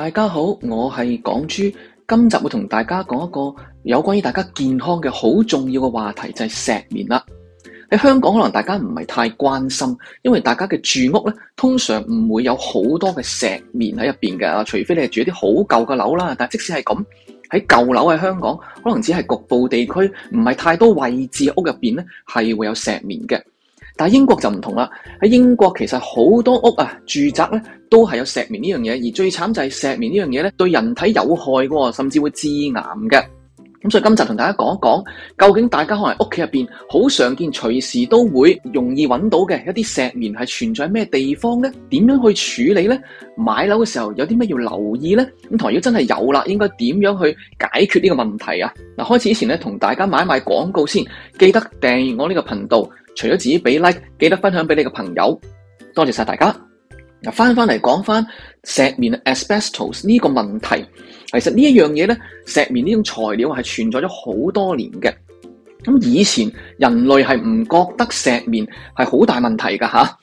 大家好，我係港豬，今集會同大家講一個有關於大家健康嘅好重要嘅話題，就係石棉啦。喺香港可能大家唔係太關心，因為大家嘅住屋咧通常唔會有好多嘅石棉喺入邊嘅啊，除非你係住一啲好舊嘅樓啦。但即使係咁，喺舊樓喺香港，可能只係局部地區，唔係太多位置屋入邊咧係會有石棉嘅。但英國就唔同啦，喺英國其實好多屋啊，住宅呢都係有石棉呢樣嘢，而最慘就係石棉呢樣嘢呢，對人體有害喎，甚至會致癌㗎。咁所以今集同大家講一講，究竟大家可能屋企入邊好常見，隨時都會容易揾到嘅一啲石棉係存在咩地方呢？點樣去處理呢？買樓嘅時候有啲咩要留意呢？咁如果真係有啦，應該點樣去解決呢個問題啊？嗱，開始之前咧，同大家買一買廣告先，記得訂閱我呢個頻道，除咗自己俾 like，記得分享俾你嘅朋友，多謝晒大家。嗱，翻翻嚟講翻石棉 （asbestos） 呢個問題，其實呢一樣嘢呢，石棉呢種材料係存在咗好多年嘅。咁以前人類係唔覺得石棉係好大問題㗎吓，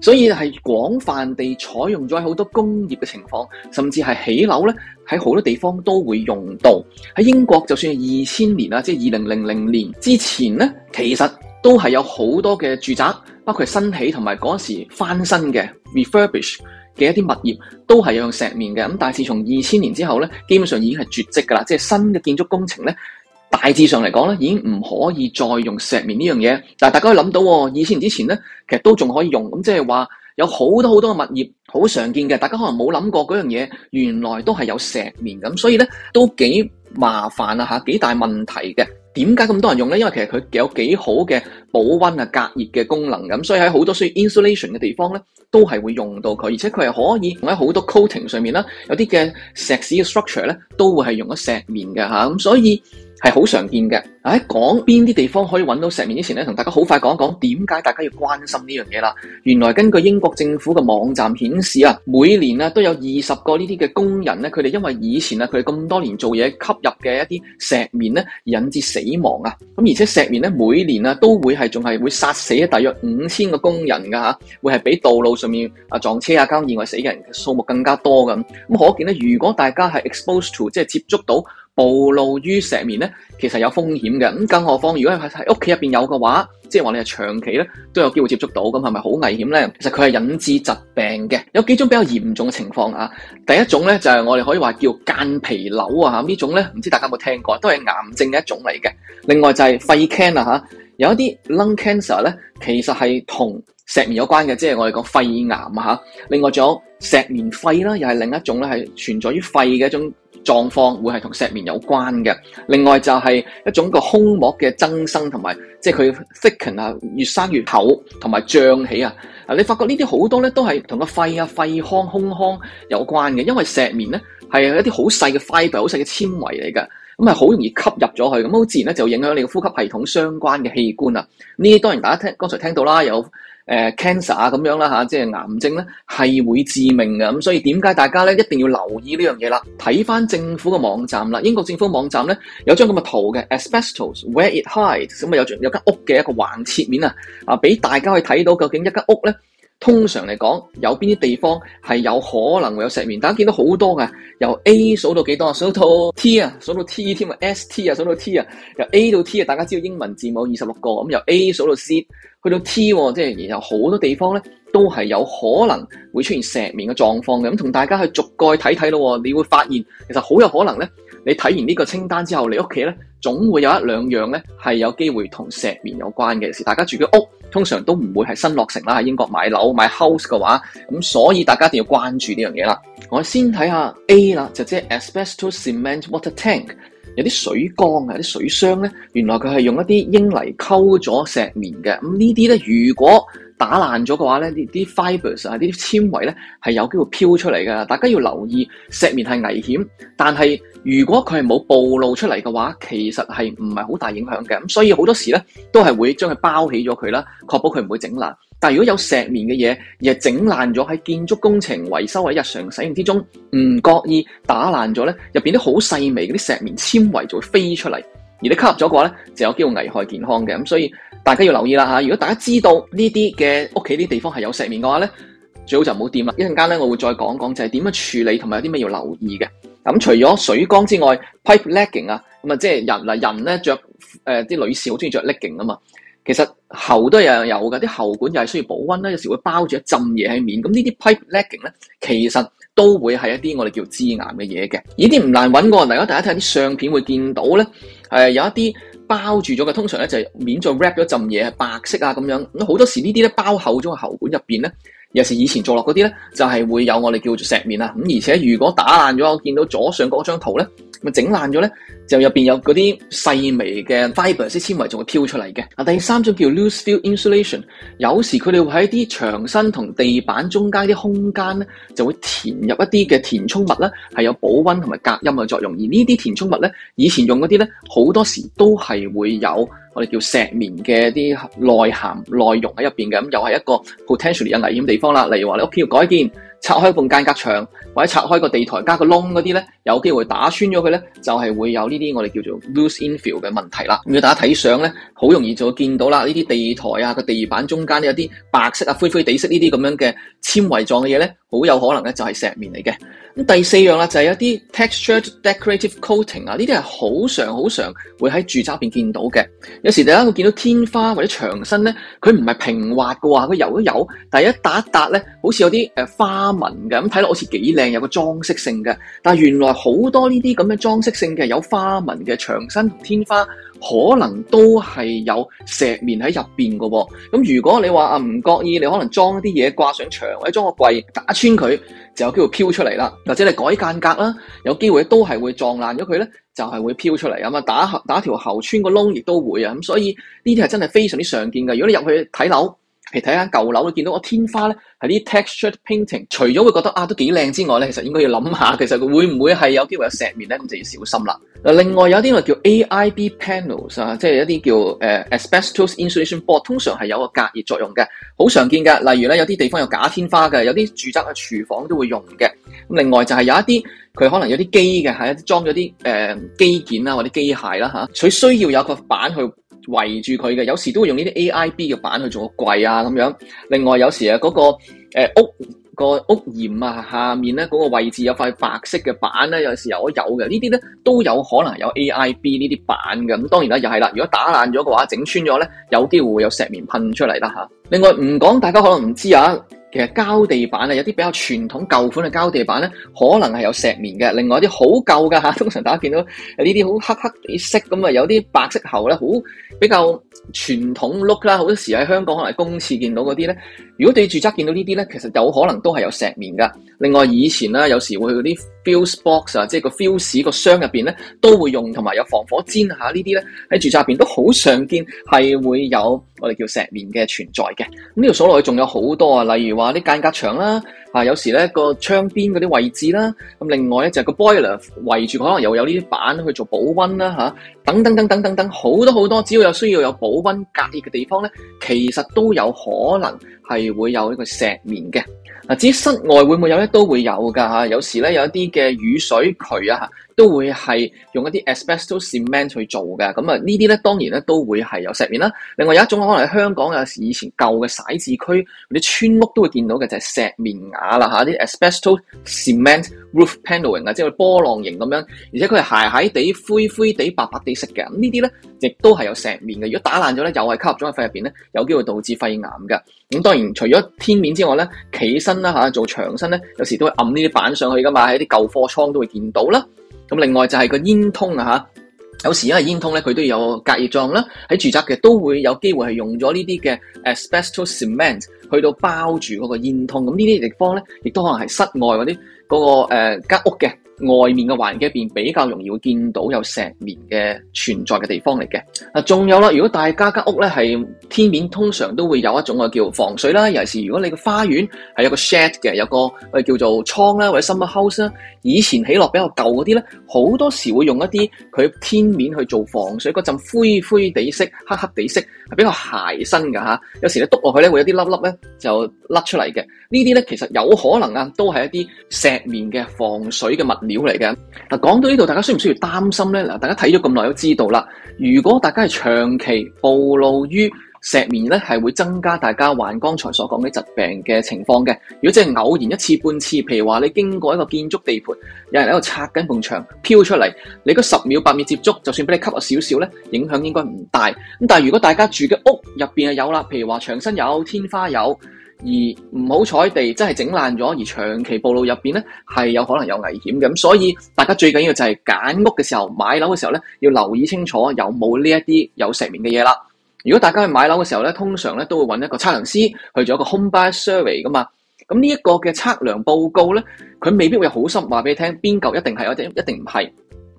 所以係廣泛地採用咗好多工業嘅情況，甚至係起樓呢，喺好多地方都會用到。喺英國就算係二千年啊，即係二零零零年之前呢，其實都係有好多嘅住宅，包括新起同埋嗰時翻新嘅，refurbish 嘅一啲物業都係有用石棉嘅，咁但係自從二千年之後咧，基本上已經係絕跡噶啦。即係新嘅建築工程咧，大致上嚟講咧，已經唔可以再用石棉呢樣嘢。但係大家可以諗到，哦，二千年之前咧，其實都仲可以用。咁即係話有好多好多嘅物業好常見嘅，大家可能冇諗過嗰樣嘢，原來都係有石棉咁，所以咧都幾麻煩啊吓，幾大問題嘅。點解咁多人用呢？因為其實佢有幾好嘅保溫啊、隔熱嘅功能咁，所以喺好多需要 insulation 嘅地方呢，都係會用到佢，而且佢係可以用喺好多 coating 上面啦，有啲嘅石屎嘅 structure 呢，都會係用咗石棉嘅嚇，咁所以。係好常見嘅。喺講邊啲地方可以揾到石棉之前咧，同大家好快講一講點解大家要關心呢樣嘢啦。原來根據英國政府嘅網站顯示啊，每年啊都有二十個呢啲嘅工人咧，佢哋因為以前啊，佢哋咁多年做嘢吸入嘅一啲石棉咧，引致死亡啊。咁而且石棉咧，每年啊都會係仲係會殺死大約五千個工人㗎嚇，會係比道路上面啊撞車啊、交通意外死嘅人數目更加多嘅。咁可見咧，如果大家係 exposed to 即係接觸到。暴露於石棉咧，其實有風險嘅。咁，更何況如果喺屋企入面有嘅話，即係話你係長期咧都有機會接觸到，咁係咪好危險咧？其實佢係引致疾病嘅，有幾種比較嚴重嘅情況啊。第一種咧就係我哋可以話叫間皮瘤啊，吓呢種咧唔知大家有冇聽過，都係癌症嘅一種嚟嘅。另外就係肺 can 啊吓。有一啲 lung cancer 咧，其實係同石棉有關嘅，即係我哋個肺癌啊嚇。另外仲有石棉肺啦，又係另一種咧係存在於肺嘅一種狀況，會係同石棉有關嘅。另外就係一種個胸膜嘅增生同埋，即係佢 thicken 啊，越生越厚同埋脹起啊。啊，你發覺呢啲好多咧都係同個肺啊、肺腔、胸腔有關嘅，因為石棉咧係一啲好細嘅 fibre、好細嘅纖維嚟㗎。咁係好容易吸入咗佢，咁好自然咧就影響你個呼吸系統相關嘅器官啦。呢啲當然大家聽，剛才聽到啦，有誒 cancer 啊咁樣啦嚇，即係癌症咧係會致命嘅。咁所以點解大家咧一定要留意呢樣嘢啦？睇翻政府嘅網站啦，英國政府網站咧有張咁嘅圖嘅，Asbestos Where It Hides。咁啊有有間屋嘅一個橫切面啊，啊俾大家去睇到究竟一間屋咧。通常嚟講，有邊啲地方係有可能會有石棉？大家見到好多嘅，由 A 數到幾多到啊？數到 T 啊，數到 T 添啊，ST 啊，數到 T 啊，由 A 到 T 啊，大家知道英文字母有二十六個，咁、嗯、由 A 數到 C 去到 T，即、啊、係、就是、然後好多地方咧都係有可能會出現石棉嘅狀況嘅。咁、嗯、同大家去逐個睇睇咯，你會發現其實好有可能咧。你睇完呢個清單之後，你屋企咧總會有一兩樣咧係有機會同石棉有關嘅事。大家住嘅屋通常都唔會係新落成啦，喺英國買樓買 house 嘅話，咁所以大家一定要關注呢樣嘢啦。我先睇下 A 啦，就即係 asbestos cement water tank，有啲水缸啊，啲水箱咧，原來佢係用一啲英泥溝咗石棉嘅。咁呢啲咧，如果打爛咗嘅話咧，呢啲 fibers 啊，呢啲纖維咧係有機會飄出嚟嘅，大家要留意石棉係危險。但係如果佢係冇暴露出嚟嘅話，其實係唔係好大影響嘅。咁所以好多時咧都係會將佢包起咗佢啦，確保佢唔會整爛。但係如果有石棉嘅嘢而係整爛咗，喺建築工程維修或日常使用之中唔覺意打爛咗咧，入邊啲好細微嗰啲石棉纖維就會飛出嚟。而你吸入咗嘅話咧，就有機會危害健康嘅，咁所以大家要留意啦嚇。如果大家知道呢啲嘅屋企啲地方係有石綿嘅話咧，最好就唔好掂啦。一陣間咧，我會再講講就係點樣處理同埋有啲咩要留意嘅。咁除咗水缸之外，pipe lagging 啊，咁啊即係人嗱人咧著誒啲女士好中意著 legging 啊嘛，其實喉都有有嘅，啲喉管又係需要保溫啦，有時會包住一浸嘢喺面，咁呢啲 pipe lagging 咧其實。都會係一啲我哋叫致癌嘅嘢嘅，呢啲唔難揾喎。嚟緊大家睇下啲相片會見到咧，誒有一啲包住咗嘅，通常咧就係免咗 wrap 咗浸嘢，白色啊咁樣。咁好多時呢啲咧包喺喉中個喉管入邊咧。尤其是以前坐落嗰啲咧，就係會有我哋叫做石綿啊，咁而且如果打爛咗，我見到左上角張圖呢，咪整爛咗咧，就入面有嗰啲細微嘅 fibers 纖維仲會飄出嚟嘅。啊，第三種叫 loose fill insulation，有時佢哋會喺啲牆身同地板中間啲空間咧，就會填入一啲嘅填，填充物呢係有保溫同埋隔音嘅作用。而呢啲填充物咧，以前用嗰啲咧，好多時都係會有。我哋叫石棉嘅啲內涵內容喺入邊嘅，咁又係一個 potentially 有危險地方啦。例如話你屋企要改建。拆開半間隔牆，或者拆開個地台加個窿嗰啲咧，有機會打穿咗佢咧，就係會有呢啲我哋叫做 loose infill 嘅問題啦。咁大家睇相咧，好容易就會見到啦。呢啲地台啊、個地板中間咧有啲白色啊、灰灰地色呢啲咁樣嘅纖維狀嘅嘢咧，好有可能咧就係石棉嚟嘅。咁第四樣啦就係有啲 textured decorative coating 啊，呢啲係好常好常會喺住宅入邊見到嘅。有時大家會見到天花或者牆身咧，佢唔係平滑嘅話，佢有都有，但係一笪一笪咧好似有啲誒花紋嘅，咁睇落好似幾靚，有個裝飾性嘅。但係原來好多呢啲咁嘅裝飾性嘅有花紋嘅牆身同天花，可能都係有石棉喺入邊喎。咁如果你話啊唔覺意，你可能裝一啲嘢掛上牆或者裝個櫃打穿佢，就有機會飄出嚟啦。或者你改間隔啦，有機會都係會撞爛咗佢咧，就係會飄出嚟啊。打打條喉穿個窿亦都會啊。咁所以呢啲係真係非常之常見嘅。如果你入去睇樓。譬如睇下舊樓，見到個天花咧係啲 textured painting，除咗會覺得啊都幾靚之外咧，其實應該要諗下，其實佢會唔會係有機會有石綿咧？咁就要小心啦。嗱，另外有啲話叫 AIB panels 啊，即係一啲叫、呃、asbestos insulation board，通常係有個隔熱作用嘅，好常見嘅。例如咧，有啲地方有假天花嘅，有啲住宅嘅廚房都會用嘅。咁另外就係有一啲佢可能有啲機嘅，係裝咗啲誒機件啦或者機械啦佢、啊、需要有個板去。圍住佢嘅，有時都會用呢啲 AIB 嘅板去做個櫃啊咁樣。另外，有時啊嗰、個誒、呃、屋、個屋檐啊下面咧嗰、個位置有塊白色嘅板咧，有時有我有嘅。呢啲咧都有可能有 AIB 呢啲板嘅。咁當然啦，又係啦。如果打爛咗嘅話，整穿咗咧，有機會會有石棉噴出嚟啦吓。另外唔講，大家可能唔知啊。其實膠地板啊，有啲比較傳統舊款嘅膠地板咧，可能係有石綿嘅。另外啲好舊噶，嚇，通常大家見到呢啲好黑黑啲色，咁啊有啲白色喉咧，好比較傳統 look 啦。好多時喺香港可能公廁見到嗰啲咧，如果對住宅見到呢啲咧，其實有可能都係有石綿噶。另外以前呢，有時會去嗰啲。Fuse box 啊，即係個 fuse 個箱入面咧，都會用同埋有，有防火墊嚇、啊、呢啲咧，喺住宅入邊都好常見，係會有我哋叫石棉嘅存在嘅。咁呢條數落去仲有好多啊，例如話啲間隔牆啦、啊，有時咧個窗邊嗰啲位置啦，咁、啊、另外咧就個 boiler 圍住可能又有呢啲板去做保溫啦嚇，等等等等等等，好多好多，只要有需要有保溫隔熱嘅地方咧，其實都有可能。係會有呢個石棉嘅，嗱，至於室外會唔會有咧？都會有噶嚇。有時咧有一啲嘅雨水渠啊，都會係用一啲 asbestos cement 去做嘅。咁啊，呢啲咧當然咧都會係有石棉啦。另外有一種可能喺香港有時以前舊嘅徙置區或者村屋都會見到嘅就係石棉瓦啦嚇，啲 asbestos cement roof paneling 啊，即係波浪形咁樣，而且佢係灰灰地、灰灰地、白白地色嘅。咁呢啲咧。亦都係有石棉嘅，如果打爛咗咧，又係吸入咗喺肺入面咧，有機會導致肺癌嘅。咁、嗯、當然除咗天面之外咧，企身啦做牆身咧，有時都會暗呢啲板上去噶嘛，喺啲舊貨倉都會見到啦。咁、嗯、另外就係個煙通啊嚇，有時因為煙通咧，佢都有隔熱狀啦，喺住宅其實都會有機會係用咗呢啲嘅 asbestos cement 去到包住嗰個煙通。咁呢啲地方咧，亦都可能係室外嗰啲嗰個誒間、呃、屋嘅外面嘅環境入邊比較容易會見到有石棉嘅存在嘅地方嚟嘅。嗱，仲有啦，如果大家間屋咧係天面，通常都會有一種啊叫防水啦。尤其是如果你個花園係有個 shed 嘅，有個誒叫做倉啦或者 summer house 啦，以前起落比較舊嗰啲咧，好多時會用一啲佢天面去做防水，嗰陣灰灰地色、黑黑地色係比較鞋身㗎嚇。有時咧篤落去咧會有啲粒粒咧就甩出嚟嘅。這些呢啲咧其實有可能啊都係一啲石棉嘅防水嘅物料嚟嘅。嗱，講到呢度，大家需唔需要擔心呢？嗱，大家睇咗咁耐都知道啦。如果大家係長期暴露於石棉呢係會增加大家患剛才所講嘅疾病嘅情況嘅。如果即係偶然一次半次，譬如話你經過一個建築地盤，有人喺度拆緊埲牆，飄出嚟，你嗰十秒八秒接觸，就算俾你吸咗少少呢，影響應該唔大。咁但係如果大家住嘅屋入邊係有啦，譬如話牆身有、天花有。而唔好彩地，真係整爛咗，而長期暴露入面咧，係有可能有危險嘅。咁所以大家最緊要就係揀屋嘅時候，買樓嘅時候咧，要留意清楚有冇呢一啲有石綿嘅嘢啦。如果大家去買樓嘅時候咧，通常咧都會揾一個測量師去做一個 homebuyer survey 噶嘛。咁呢一個嘅測量報告咧，佢未必會有好心話俾你聽邊嚿一定係，或者一定唔係。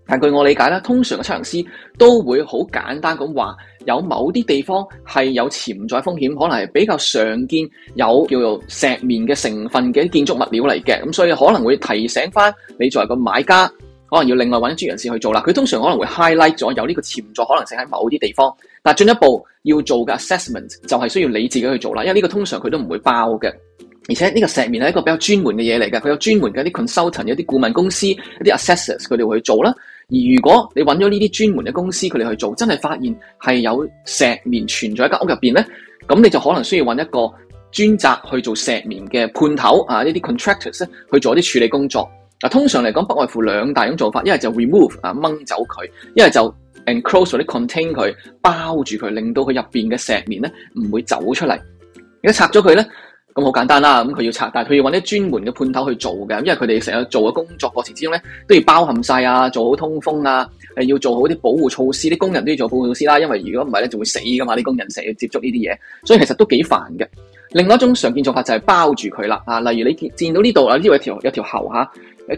但據我理解啦，通常嘅測量師都會好簡單咁話，有某啲地方係有潛在風險，可能係比較常見有叫做石綿嘅成分嘅建築物料嚟嘅，咁所以可能會提醒翻你作為個買家，可能要另外揾一啲專業人士去做啦。佢通常可能會 highlight 咗有呢個潛在可能性喺某啲地方，但進一步要做嘅 assessment 就係需要你自己去做啦，因為呢個通常佢都唔會包嘅。而且呢個石棉係一個比較專門嘅嘢嚟嘅，佢有專門嘅啲 consultant，有啲顧問公司有一啲 assessors，佢哋會去做啦。而如果你揾咗呢啲專門嘅公司，佢哋去做，真係發現係有石棉存在喺間屋入邊咧，咁你就可能需要揾一個專責去做石棉嘅判頭啊，呢啲 contractors 咧去做一啲處理工作。嗱、啊，通常嚟講不外乎兩大種做法，ove，啊、一係就 remove 啊掹走佢，一係就 enclose 或啲 contain 佢包住佢，令到佢入邊嘅石棉咧唔會走出嚟。而家拆咗佢咧，咁好簡單啦，咁佢要拆，但係佢要搵啲專門嘅判頭去做嘅，因為佢哋成日做嘅工作過程之中咧，都要包含晒啊，做好通風啊，誒要做好啲保護措施，啲工人都要做保護措施啦，因為如果唔係咧，就會死噶嘛，啲工人成日要接觸呢啲嘢，所以其實都幾煩嘅。另外一種常見做法就係包住佢啦，啊，例如你見到呢度啊，呢度有條有條喉嚇，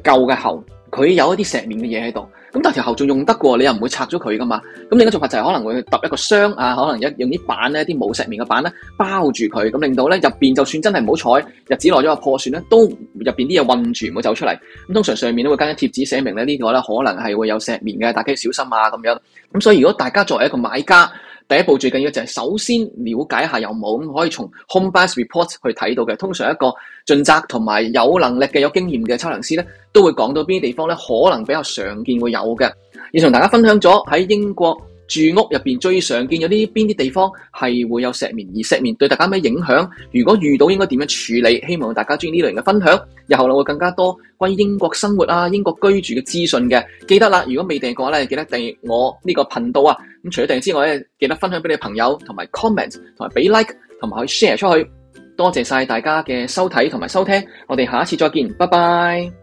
舊嘅喉。佢有一啲石棉嘅嘢喺度，咁但係條喉仲用得過你又唔會拆咗佢噶嘛？咁另一做法就係可能會揼一個箱啊，可能用一用啲板咧、啲冇石棉嘅板咧包住佢，咁令到咧入邊就算真係唔好彩日子耐咗破損咧，都入邊啲嘢韞住唔好走出嚟。咁通常上面都會跟啲貼紙寫明咧呢、呢個咧可能係會有石棉嘅，大家要小心啊咁樣。咁所以如果大家作為一個買家，第一步最緊要就係首先了解一下有冇咁，可以從 Homebuyers Report 去睇到嘅。通常一個盡責同埋有能力嘅、有經驗嘅測量師咧，都會講到邊啲地方咧，可能比較常見會有嘅。要同大家分享咗喺英國住屋入邊最常見有啲邊啲地方係會有石棉，而石棉對大家咩影響？如果遇到應該點樣處理？希望大家中意呢類型嘅分享，日後會更加多關於英國生活啊、英國居住嘅資訊嘅。記得啦，如果未訂嘅話咧，記得訂閱我呢個頻道啊。咁除咗訂閱之外咧，記得分享俾你朋友同埋 comment，同埋俾 like，同埋去 share 出去。多謝晒大家嘅收睇同埋收聽，我哋下一次再見，拜拜。